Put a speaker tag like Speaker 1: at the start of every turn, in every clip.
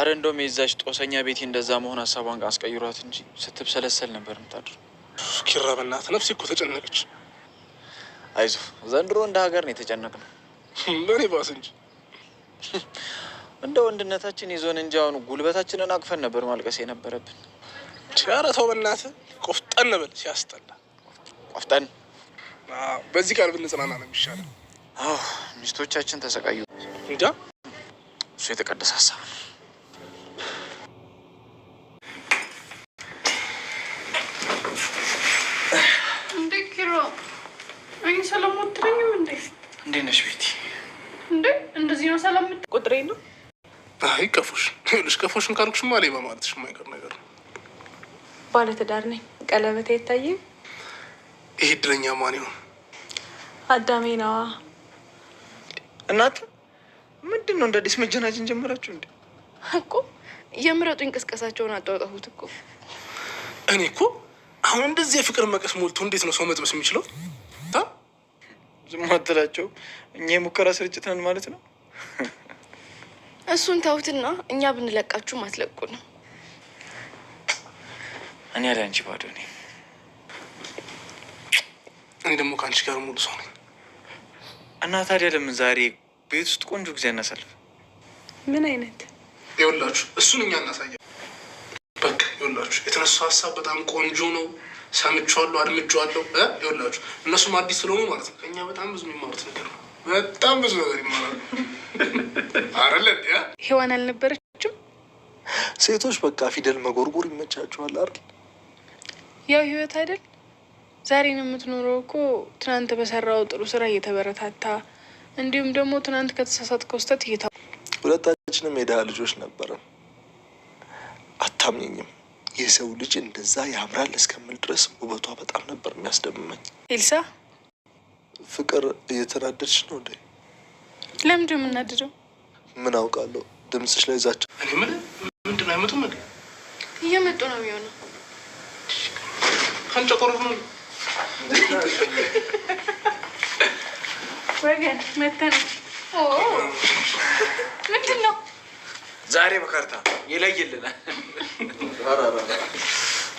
Speaker 1: አረ እንደውም የዛች ጦሰኛ ቤቴ እንደዛ መሆን ሀሳቧን አስቀይሯት እንጂ ስትብሰለሰል ነበር የምታድር።
Speaker 2: ኪራ በእናትህ ነፍሴ እኮ ተጨነቀች።
Speaker 1: አይዞህ ዘንድሮ እንደ ሀገር ነው የተጨነቅ ነው። ለእኔ ባስ እንጂ እንደ ወንድነታችን ይዞን እንጂ አሁኑ ጉልበታችንን አቅፈን ነበር ማልቀስ የነበረብን።
Speaker 2: ኧረ ተው በእናትህ ቆፍጠን ነበል። ሲያስጠላ ቆፍጠን። በዚህ ቃል ብንጽናና ነው የሚሻለው።
Speaker 1: ሚስቶቻችን ተሰቃዩ። እንጃ እሱ የተቀደሰ ሀሳብ ነው። እንዴት ነሽ ቤቲ?
Speaker 3: እንዴ እንደዚህ ነው ሰላም
Speaker 4: ቁጥሬ ነው።
Speaker 2: አይ ቀፎሽ ልሽ ቀፎሽን ካልኩሽማ ሌባ በማለትሽ የማይቀር ነገር ነው።
Speaker 3: ባለትዳር ነኝ። ቀለበት የታየ
Speaker 2: ይሄ እድለኛ ማን ይሆን?
Speaker 3: አዳሜ ነዋ።
Speaker 2: እናት ምንድን ነው እንደ አዲስ መጀናጅን ጀመራችሁ እንዴ?
Speaker 3: እኮ የምረጡ እንቅስቀሳቸውን አጣወጣሁት እኮ
Speaker 2: እኔ እኮ አሁን እንደዚህ የፍቅር መቀስ ሞልቶ እንዴት ነው ሰው መጥበስ የሚችለው?
Speaker 1: ዝም እኛ የሙከራ ስርጭት ነን ማለት ነው።
Speaker 3: እሱን ተውትና እኛ ብንለቃችሁም አትለቁ ነው።
Speaker 1: እኔ ያለ አንቺ ባዶ ነኝ።
Speaker 2: እኔ ደግሞ ከአንቺ ጋር ሙሉ ሰው ነኝ።
Speaker 1: እና ታዲያ ለምን ዛሬ ቤት ውስጥ ቆንጆ ጊዜ እናሳልፍ?
Speaker 3: ምን አይነት
Speaker 2: ይኸውላችሁ፣ እሱን እኛ እናሳያ። በቃ ይኸውላችሁ፣ የተነሳው ሀሳብ በጣም ቆንጆ ነው። ሰምቼዋለሁ፣ አድምቼዋለሁ። ይኸውላችሁ እነሱም አዲስ ስለሆኑ ማለት ነው እኛ በጣም ብዙ የሚማሩት ነገር ነው። በጣም ብዙ ነገር ይማራሉ። አረለ
Speaker 3: ሔዋን አልነበረችም።
Speaker 2: ሴቶች በቃ ፊደል መጎርጎር ይመቻቸዋል አይደል?
Speaker 3: ያው ህይወት አይደል? ዛሬን የምትኖረው እኮ ትናንት በሰራው ጥሩ ስራ እየተበረታታ እንዲሁም ደግሞ ትናንት ከተሳሳትከው ስህተት እየታ
Speaker 2: ሁለታችንም የድሃ ልጆች ነበረን። አታምኝኝም የሰው ልጅ እንደዛ ያምራል እስከምል ድረስ ውበቷ በጣም ነበር የሚያስደምመኝ። ኤልሳ ፍቅር እየተናደድሽ ነው እንዴ?
Speaker 3: ለምንድን የምናድደው?
Speaker 2: የምናደደው? ምን አውቃለሁ። ድምፅሽ ላይ ዛቸው ምንድን አይመጡም ምን
Speaker 3: እየመጡ ነው የሚሆነው።
Speaker 2: ከንጨቆሮት ነው
Speaker 3: ወገን መተነ
Speaker 1: ዛሬ በካርታ ይለይልናል።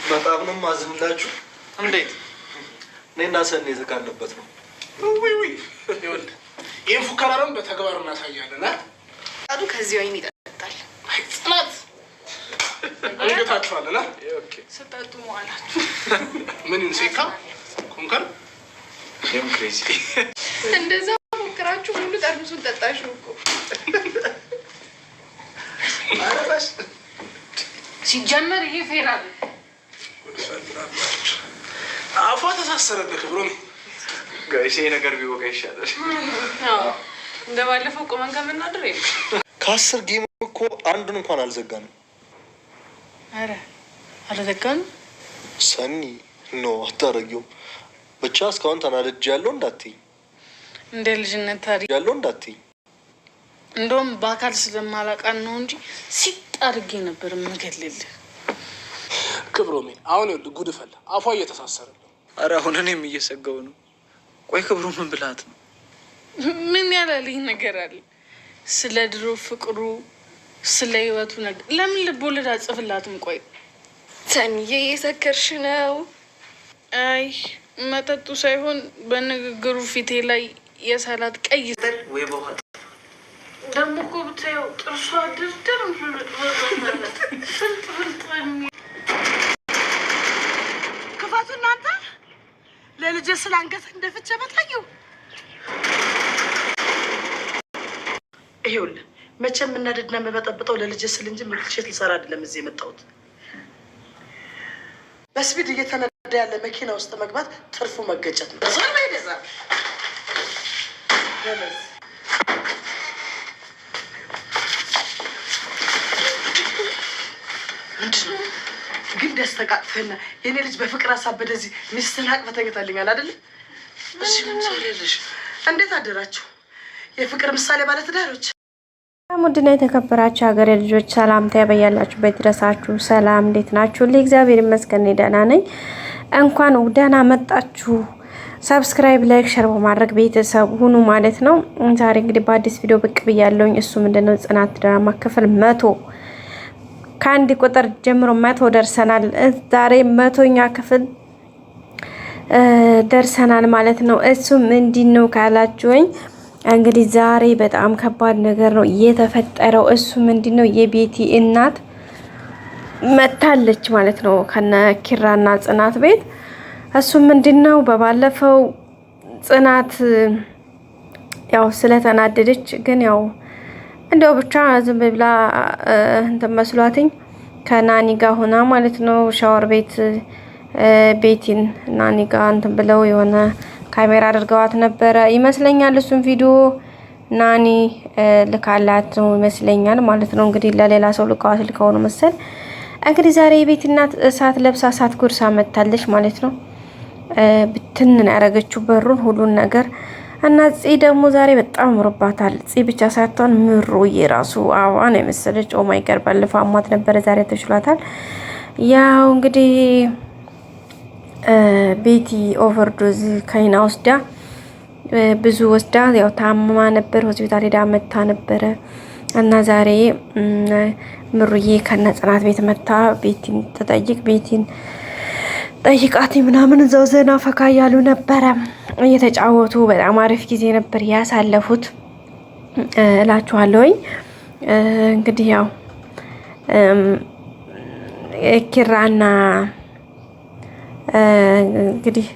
Speaker 2: በጣም ነው ማዝንላችሁ። እንዴት እኔና ሰኔ አለበት ነው። ይህን ፉከራረም በተግባር እናሳያለን።
Speaker 3: ዱ ከዚህ ወይን ይጠጣል።
Speaker 2: ጽናት እንገታችኋለና
Speaker 3: ስጠጡ መዋላችሁ
Speaker 2: ምን ንሴካ ኮንከር
Speaker 3: እንደዛ ሞክራችሁ ሁሉ ጠርሙሱን ጠጣሽ እኮ ሲጀመር ይሄ ፌራል
Speaker 2: አፏ ተሳሰረብህ። ክብሮም
Speaker 1: ጋይሴ ነገር ቢወቀ ይሻላል።
Speaker 3: እንደ ባለፈው ቆመን ከምናድር
Speaker 2: ከአስር ጌም እኮ አንዱን እንኳን አልዘጋንም።
Speaker 3: ኧረ አልዘጋንም።
Speaker 2: ሰኒ ኖ አታረጊውም። ብቻ እስካሁን ተናድጄ ያለው እንዳትይኝ
Speaker 3: እንደ ልጅነት ታሪ
Speaker 2: ያለው እንዳትይኝ
Speaker 3: እንደውም በአካል ስለማላቃን ነው እንጂ ሲጣርጌ አድርጌ ነበር የምገልልህ።
Speaker 2: ክብሮሜ አሁን ይኸውልህ ጉድ ፈላ፣ አፏ እየተሳሰረ ነው።
Speaker 1: ኧረ አሁን እኔም እየሰገው ነው። ቆይ ክብሩ ምን ብላት ነው?
Speaker 3: ምን ያላልኝ ነገር አለ? ስለ ድሮ ፍቅሩ፣ ስለ ህይወቱ ነገር ለምን ልቦለድ አጽፍላትም? ቆይ ተንዬ፣ እየሰከርሽ ነው? አይ መጠጡ ሳይሆን በንግግሩ ፊቴ ላይ የሰላት ቀይ ወይ ደግሞ እኮ ብታየው ጥርሷ ድርድር ፍልጥ
Speaker 4: ክፋቱ እናንተ ለልጄ ስለ አንገት እንደፍቼ በታየው ይሄውልህ መቼም የምናደድና የምበጠብጠው ለልጄ ስል እንጂ ምልክቼት ልሰራ አይደለም እዚህ የመጣሁት። በስፒድ እየተነዳ ያለ መኪና ውስጥ መግባት ትርፉ መገጨት ነው። ምንድን ነው ግን ደስ የኔ ልጅ በፍቅር ሀሳብ በደዚህ ሚስትህን አቅፈህ ተኝታልኛል እንዴት አደራችሁ? የፍቅር ምሳሌ ባለትዳሮች
Speaker 5: ሙድና የተከበራችሁ ሀገሬ ልጆች ሰላምታ ያበያላችሁበት ድረሳችሁ። ሰላም እንዴት ናችሁ? እግዚአብሔር ይመስገን ደህና ነኝ። እንኳን ደህና መጣችሁ። ሰብስክራይብ፣ ላይክ፣ ሸር በማድረግ ቤተሰብ ሁኑ ማለት ነው። ዛሬ እንግዲህ በአዲስ ቪዲዮ ብቅ ብያለሁኝ። እሱ ምንድነው ጽናት ድራማ ክፍል መቶ ከአንድ ቁጥር ጀምሮ መቶ ደርሰናል። ዛሬ መቶኛ ክፍል ደርሰናል ማለት ነው። እሱም እንዲህ ነው ካላችሁኝ እንግዲህ ዛሬ በጣም ከባድ ነገር ነው የተፈጠረው። እሱም እንዲህ ነው የቤቲ እናት መታለች ማለት ነው ከነ ኪራና ጽናት ቤት። እሱም ምንድን ነው በባለፈው ጽናት ያው ስለተናደደች ግን ያው እንደው ብቻ ዝም ብላ እንትን መስሏትኝ ከናኒ ጋር ሆና ማለት ነው ሻወር ቤት ቤቲን ናኒ ጋር እንትን ብለው የሆነ ካሜራ አድርገዋት ነበረ ይመስለኛል። እሱን ቪዲዮ ናኒ ልካላት ነው ይመስለኛል ማለት ነው። እንግዲህ ለሌላ ሰው ልካዋት ነው መሰል እንግዲህ ዛሬ የቤት እናት እሳት ለብሳ እሳት ጉርሳ መታለች ማለት ነው። ብትን ያደረገችው በሩን ሁሉን ነገር እና ጺ ደግሞ ዛሬ በጣም አምሮባታል። ጺ ብቻ ሳትሆን ምሩ የራሱ አበባ ነው የመሰለች። ኦማይ ጋር ባለፈው አሟት ነበረ፣ ዛሬ ተችሏታል። ያው እንግዲህ ቤቲ ኦቨርዶዝ ከይና ወስዳ ብዙ ወስዳ ያው ታማ ነበር፣ ሆስፒታል ሄዳ መታ ነበረ እና ዛሬ ምሩዬ ከነ ጽናት ቤት መታ ቤቲን ተጠይቅ ቤቲን ጠይቃት ምናምን እዛው ዘና ፈካ እያሉ ነበረ። እየተጫወቱ በጣም አሪፍ ጊዜ ነበር ያሳለፉት እላችኋለሁኝ። እንግዲህ ያው ኪራና እንግዲህ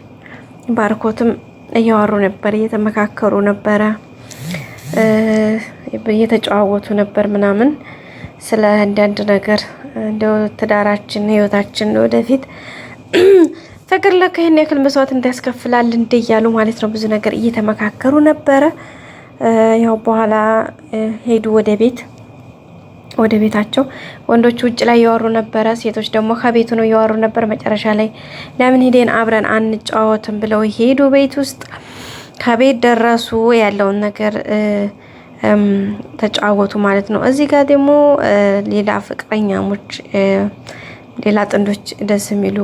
Speaker 5: ባርኮትም እያወሩ ነበር፣ እየተመካከሩ ነበረ፣ እየተጨዋወቱ ነበር ምናምን ስለ አንዳንድ ነገር እንደው ትዳራችን ህይወታችን ወደፊት ፍቅር ለካ ይህን ያክል መስዋዕት እንዲያስከፍላል እንዴ እያሉ ማለት ነው ብዙ ነገር እየተመካከሩ ነበረ። ያው በኋላ ሄዱ ወደ ቤት ወደ ቤታቸው። ወንዶቹ ውጭ ላይ እያወሩ ነበረ፣ ሴቶች ደግሞ ከቤቱ ነው እያወሩ ነበር። መጨረሻ ላይ ለምን ሄደን አብረን አንጫወትም ብለው ሄዱ ቤት ውስጥ ከቤት ደረሱ። ያለውን ነገር ተጫወቱ ማለት ነው። እዚህ ጋር ደግሞ ሌላ ፍቅረኛሞች፣ ሌላ ጥንዶች ደስ የሚሉ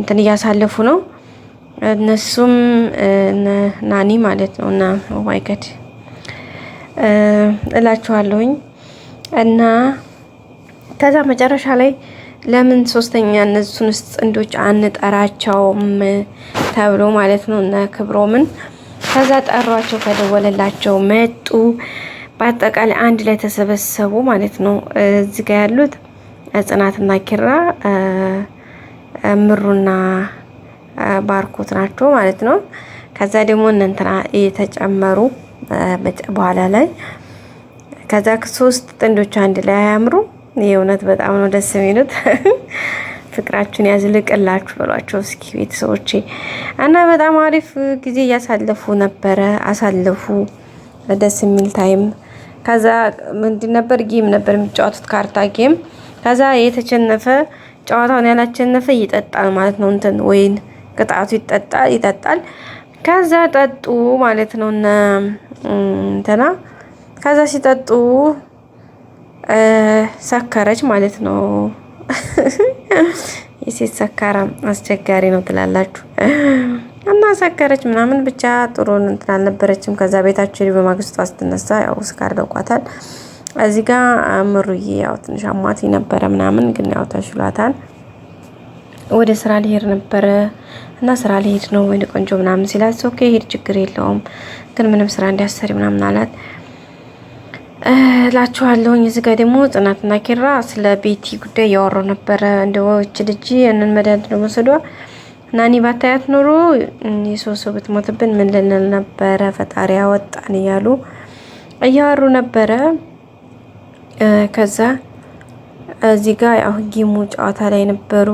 Speaker 5: እንትን እያሳለፉ ነው። እነሱም ናኒ ማለት ነው እና ዋይገድ እላችኋለሁኝ እና ከዛ መጨረሻ ላይ ለምን ሶስተኛ እነሱን ውስጥ ጥንዶች አንጠራቸውም ተብሎ ማለት ነው እና ክብሮምን ከዛ ጠሯቸው፣ ከደወለላቸው መጡ። በአጠቃላይ አንድ ላይ ተሰበሰቡ ማለት ነው። እዚህ ጋ ያሉት ጽናትና ኪራ ምሩና ባርኮት ናቸው ማለት ነው። ከዛ ደግሞ እንትና የተጨመሩ በኋላ ላይ ከዛ ሶስት ጥንዶች አንድ ላይ አያምሩ። የእውነት በጣም ነው ደስ የሚሉት። ፍቅራችሁን ያዝልቅላችሁ ብሏቸው እስኪ ቤተሰቦቼ። እና በጣም አሪፍ ጊዜ እያሳለፉ ነበረ፣ አሳለፉ ደስ የሚል ታይም። ከዛ ምንድን ነበር ጌም ነበር የሚጫወቱት፣ ካርታ ጌም። ከዛ የተሸነፈ ጨዋታውን ያላቸነፈ ይጠጣል ማለት ነው። እንትን ወይን ቅጣቱ ይጠጣል ይጠጣል። ከዛ ጠጡ ማለት ነው እና እንትና ከዛ ሲጠጡ ሰከረች ማለት ነው። የሴት ሰካራ አስቸጋሪ ነው ትላላችሁ። እና ሰከረች ምናምን ብቻ ጥሩን እንትን አልነበረችም። ከዛ ቤታቸው በማግስቱ ስትነሳ ያው ስካር ደቋታል። እዚህ ጋር ምሩዬ ያው ትንሽ አሟት ነበረ ምናምን፣ ግን ያው ተሽሏታል። ወደ ስራ ሊሄድ ነበረ እና ስራ ሊሄድ ነው ወይ ቆንጆ ምናምን ሲላት፣ ኦኬ ሄድ ችግር የለውም ግን ምንም ስራ እንዲያሰሪ ምናምን አላት እላችኋለሁኝ። እዚህ ጋር ደግሞ ጽናትና ኪራ ስለ ቤቲ ጉዳይ እያወሩ ነበረ። እንደው ልጅ ያንን መድኃኒት ነው መውሰዷ እና እኔ ባታያት ኖሮ የሶስት ሰው ብትሞትብን ምን ልንል ነበረ? ፈጣሪ ያወጣን እያሉ እያወሩ ነበረ። ከዛ እዚህ ጋር ያው ጌሙ ጨዋታ ላይ ነበሩ።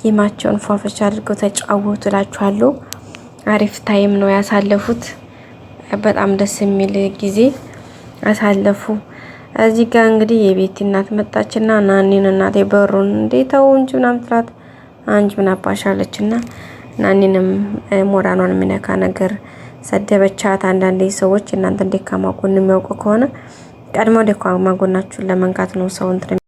Speaker 5: ጌማቸውን ፏፈች አድርገው ተጫወቱ እላችኋለሁ። አሪፍ ታይም ነው ያሳለፉት። በጣም ደስ የሚል ጊዜ አሳለፉ። እዚህ ጋር እንግዲህ የቤቲ እናት መጣችና ናኒን እናቴ በሩን እንዴታው እንጂ ምናምን ትላት አንጅ ምን አባሻለች እና ናኒንም ሞራኗን የሚነካ ነገር ሰደበቻት። አንዳንዴ ሰዎች እናንተ እንዴት ካማቁን የሚያውቁ ከሆነ ቀድሞ ደካማ ጎናችሁን ለመንካት ነው ሰው እንትን